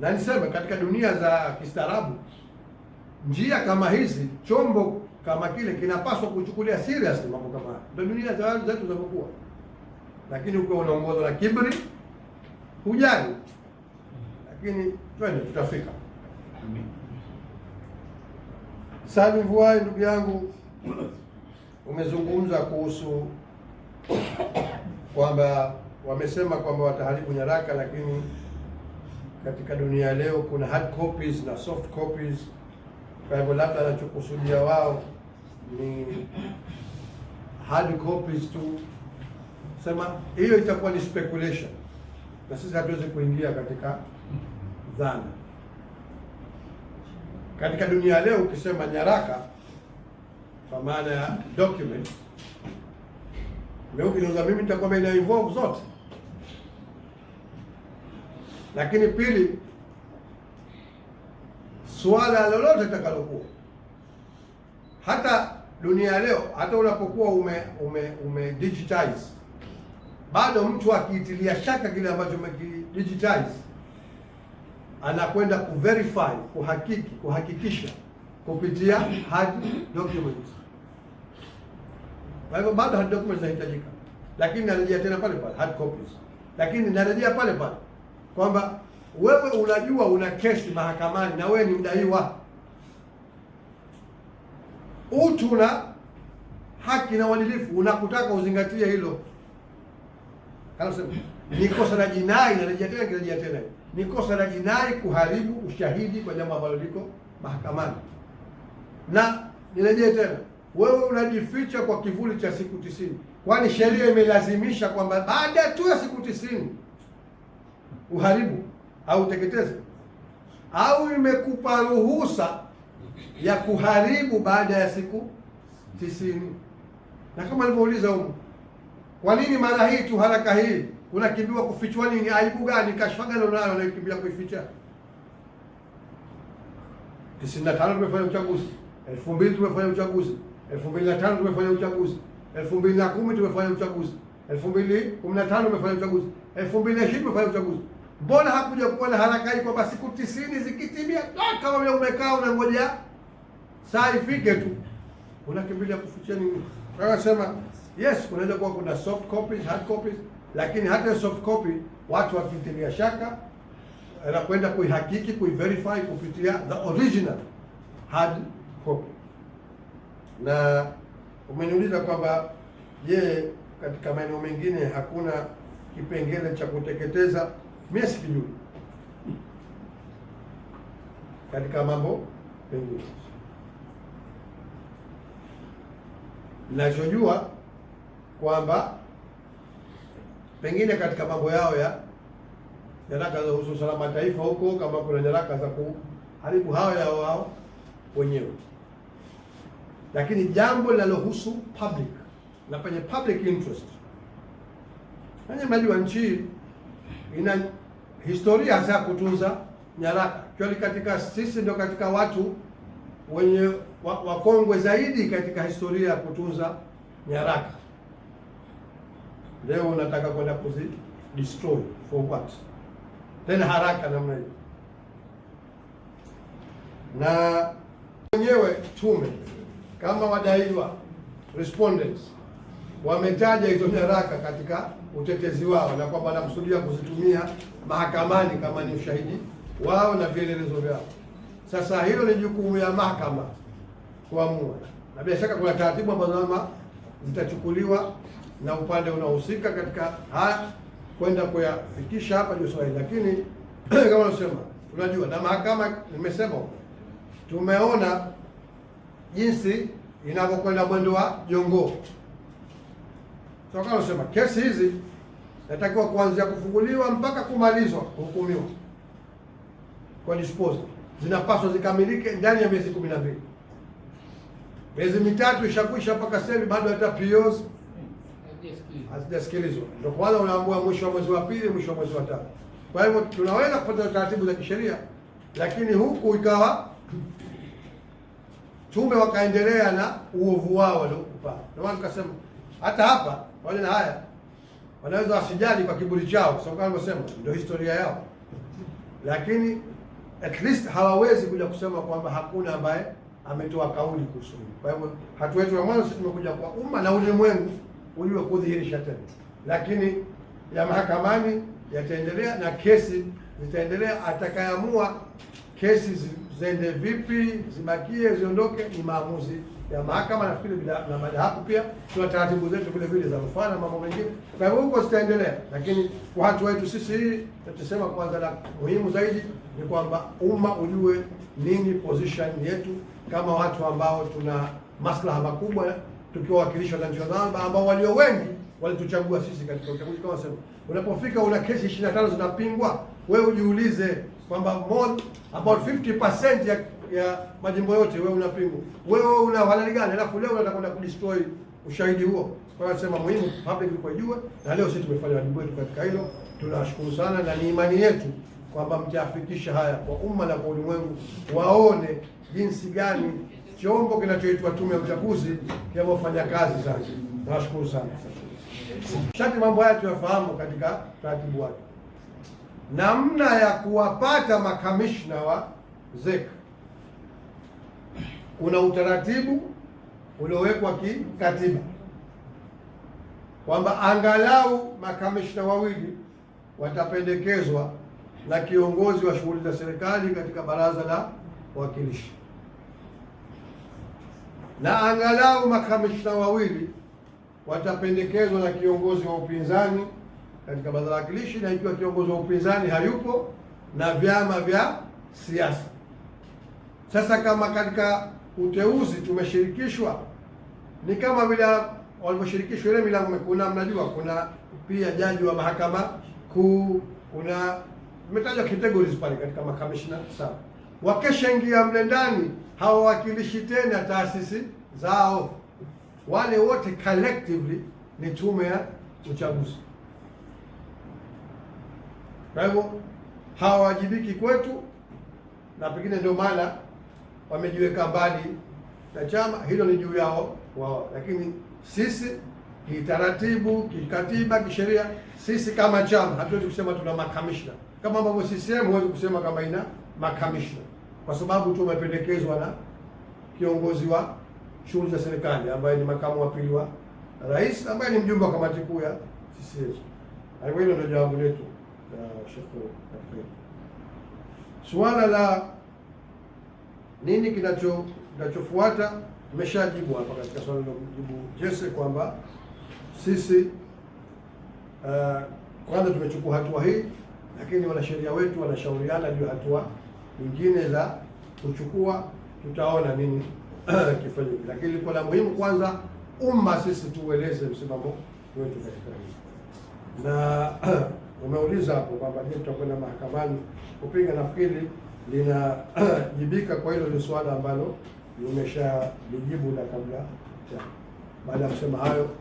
Na niseme katika dunia za kistaarabu, njia kama hizi, chombo kama kile kinapaswa kuchukulia serious mambo kama haya. Ndio dunia zetu zinapokuwa, lakini ukiwa unaongozwa na kibri hujali. Lakini twende, tutafika. Sami Vuai, ndugu yangu, umezungumza kuhusu kwamba wamesema kwamba wataharibu nyaraka, lakini katika dunia leo kuna hard copies na soft copies. Kwa hivyo labda anachokusudia wao ni hard copies tu, sema hiyo itakuwa ni speculation, na sisi hatuwezi kuingia katika dhana. Katika dunia leo ukisema nyaraka kwa maana ya document, inaweza mimi nitakwambia ina involve zote lakini pili, suala lolote litakalokuwa hata dunia leo, hata unapokuwa ume, ume, ume digitize bado mtu akiitilia shaka kile ambacho umekidigitize anakwenda kuverify, kuhakiki, kuhakikisha kupitia hard documents. Kwa hivyo bado hard documents zinahitajika, lakini narejea tena pale pale hard copies, lakini narejea pale pale kwamba wewe unajua una kesi mahakamani na wewe ni mdaiwa, utu na haki na uadilifu unakutaka uzingatie hilo. Ni kosa la jinai, narejea tena, kirejea tena, ni kosa la jinai kuharibu ushahidi kwa jambo ambalo liko mahakamani. Na nirejee tena, wewe unajificha kwa kivuli cha siku tisini, kwani sheria imelazimisha kwamba baada tu ya siku tisini uharibu au uteketeze, au imekupa ruhusa ya kuharibu baada ya siku tisini. Na kama alivyouliza huko, kwa nini mara hii tu, haraka hii? Unakimbiwa kufichwa nini? Aibu gani? Kashfa gani unalo unakimbia kuificha? tisini na tano tumefanya uchaguzi, elfu mbili tumefanya uchaguzi, elfu mbili na tano tumefanya uchaguzi, elfu mbili na kumi tumefanya uchaguzi, elfu mbili kumi na tano tumefanya uchaguzi, elfu mbili na ishirini tumefanya uchaguzi Mbona hakuja kuwa na haraka hii kwamba siku tisini zikitimia toka ah, wewe umekaa unangoja saa ifike tu unakimbilia kufichia nini? Sema yes, unaweza kuwa kuna soft copies, hard copies, lakini hata soft copy watu wakitilia shaka na kwenda kuihakiki, kuiverify kupitia the original hard copy. Na umeniuliza kwamba je, katika maeneo mengine hakuna kipengele cha kuteketeza mimi sikijui katika mambo mengine. Ninachojua kwamba pengine katika mambo yao ya nyaraka za husu usalama taifa huko, kama kuna nyaraka za kuharibu hao yao wao wenyewe, lakini jambo linalohusu public na penye public interest, nanyi mnajua nchi ina historia za kutunza nyaraka kweli, katika sisi ndio katika watu wenye wakongwe zaidi katika historia ya kutunza nyaraka. Leo unataka kwenda kuzi destroy for what? Tena haraka namna hiyo. Na wenyewe tume kama wadaiwa respondents wametaja hizo nyaraka katika utetezi wao na kwamba wanakusudia kuzitumia mahakamani kama ni ushahidi wao na vielelezo vyao. Sasa hilo ni jukumu ya mahakama kuamua, na bila shaka kuna taratibu ambazo ama zitachukuliwa na upande unaohusika katika haya kwenda kuyafikisha hapa juu swali, lakini kama unasema, tunajua na mahakama, nimesema tumeona jinsi inavyokwenda mwendo wa jongoo sema kesi hizi natakiwa kuanzia kufunguliwa mpaka kumalizwa kuhukumiwa kwa disposal zinapaswa zikamilike ndani ya miezi kumi na mbili. Miezi mitatu ishakwisha mpaka sasa bado hata POs hazijasikilizwa, ndio kwanza unaambua mwisho wa mwezi wa pili, mwisho wa mwezi wa tatu. Kwa hivyo tunaweza kufuata taratibu za kisheria, lakini huku ikawa tume wakaendelea na uovu wao waliokupa. Ndio maana tukasema hata hapa wale na haya wanaweza wasijali kwa kiburi chao, sababu kama nimesema ndio historia yao, lakini at least hawawezi kuja kusema kwamba hakuna ambaye ametoa kauli kuhusu hili. Kwa hivyo hatua yetu ya mwanzo sisi tumekuja kwa umma na ulimwengu ujue kudhihirisha tena, lakini ya mahakamani yataendelea na kesi zitaendelea, atakayeamua kesi ziende vipi, zibakie, ziondoke, ni maamuzi ya mahakama. Nafikiri na hapo pia, tuna taratibu zetu vile vile za rufaa na mambo mengine, kwa hivyo huko zitaendelea, lakini kwa hatua yetu sisi hii tutasema kwanza, na muhimu zaidi ni kwamba umma ujue nini position yetu kama watu ambao tuna maslaha makubwa tukiwawakilishwa na njia zamba ambao walio wengi walituchagua sisi katika uchaguzi. Kama sema unapofika una kesi 25 zinapingwa, wewe ujiulize kwamba about 50% ya ya majimbo yote wewe pingu Wewe una halali gani? Alafu leo unataka kudestroy ushahidi huo. Kwa hiyo sema muhimu public ipojue, na leo sisi tumefanya wajibu wetu katika hilo. Tunashukuru sana na ni imani yetu kwamba mtafikisha haya kwa umma na kwa ulimwengu waone jinsi gani chombo kinachoitwa Tume ya Uchaguzi kinavyofanya kazi zake. Nawashukuru sana. Shati mambo haya tuyafahamu katika taratibu wake namna ya kuwapata makamishna wa zeka Kuna utaratibu uliowekwa kikatiba kwamba angalau makamishna wawili watapendekezwa na kiongozi wa shughuli za serikali katika baraza la wawakilishi, na angalau makamishna wawili watapendekezwa na kiongozi wa upinzani katika baraza la wakilishi, na ikiwa kiongozi wa upinzani hayupo na vyama vya siasa. Sasa kama katika uteuzi tumeshirikishwa, ni kama vile walivyoshirikishwa ile milango. Kuna mnajua, kuna pia jaji wa mahakama kuu, kuna umetajwa categories pale katika makamishna saba. Wakeshaingia mle ndani, hawawakilishi tena taasisi zao, wale wote collectively ni tume ya uchaguzi. Kwa hivyo hawawajibiki kwetu, na pengine ndio maana wamejiweka mbali na chama hilo, ni juu yao wao, lakini sisi kitaratibu, kikatiba, kisheria, sisi kama chama hatuwezi kusema tuna makamishna, kama ambavyo CCM huwezi kusema kama ina makamishna, kwa sababu tu umependekezwa na kiongozi wa shughuli za serikali ambaye ni makamu wa pili wa rais ambaye ni mjumbe wa kamati kuu ya CCM. hivyo hilo ndio jawabu letu shukuru suala la nini kinacho kinachofuata, umeshajibu hapa katika swala la kujibu Jesse kwamba sisi uh, kwanza tumechukua hatua hii, lakini wanasheria wetu wanashauriana juu hatua nyingine za kuchukua. Tutaona nini kifanyike, lakini kwa la muhimu kwanza, umma sisi tuueleze msimamo wetu katika hii na umeuliza hapo kwamba je, tutakwenda mahakamani kupinga. Nafikiri linajibika kwa hilo, ni suala ambalo umeshalijibu na kabla baada ya kusema hayo